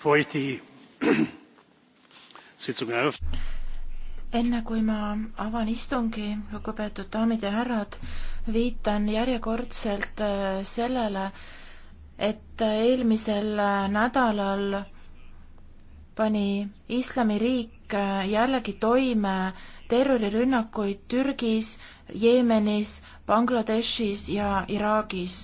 enne kui ma avan istungi, lugupeetud daamid ja härrad, viitan järjekordselt äh, sellele, et eelmisel äh, nädalal pani Islamiriik äh, jällegi toime terrorirünnakuid Türgis, Jeemenis, Bangladeshis ja Iraagis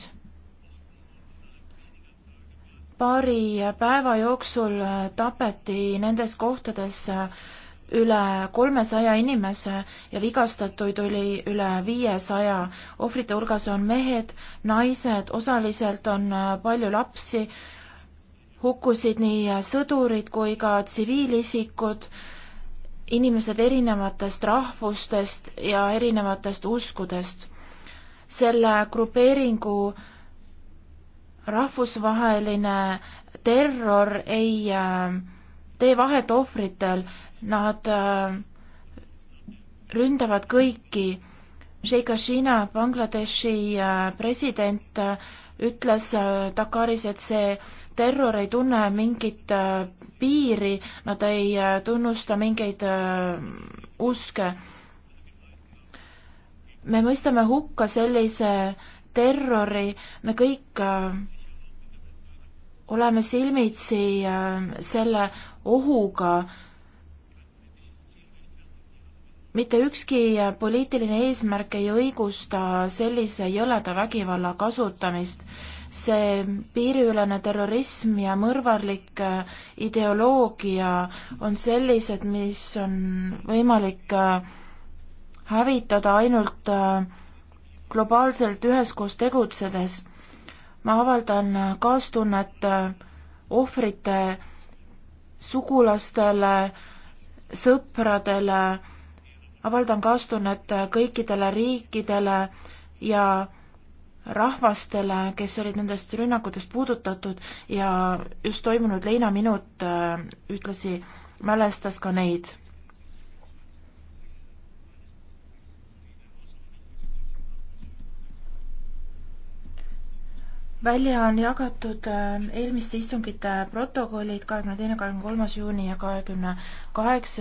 paari päeva jooksul tapeti nendes kohtades üle kolmesaja inimese ja vigastatuid oli üle viiesaja. ohvrite hulgas on mehed, naised, osaliselt on palju lapsi, hukkusid nii sõdurid kui ka tsiviilisikud, inimesed erinevatest rahvustest ja erinevatest uskudest. selle grupeeringu äh, rahvusvaheline terror ei äh, tee vahet ohvritel, nad äh, ründavad kõiki. Sheikh Hashina, Bangladeshi äh, president, ütles Dakaris, et see terror ei tunne mingit piiri, nad ei tunnusta mingeid uske. me mõistame hukka sellise terrori, me kõik oleme silmitsi äh, selle ohuga, mitte ükski äh, poliitiline eesmärk ei õigusta sellise jõleda vägivalla kasutamist. see piiriülene terrorism ja mõrvarlik äh, ideoloogia on sellised, mis on võimalik hävitada ainult globaalselt üheskoos tegutsedes ma avaldan kaastunnet äh, ohvrite sugulastele, sõpradele, avaldan kaastunnet äh, kõikidele riikidele ja rahvastele, kes olid nendest rünnakutest puudutatud ja just toimunud leinaminut äh, ühtlasi mälestas ka neid välja on jagatud äh, eelmiste istungite protokollid kahekümne teine, kahekümne kolmas juuni ja kahekümne kaheksa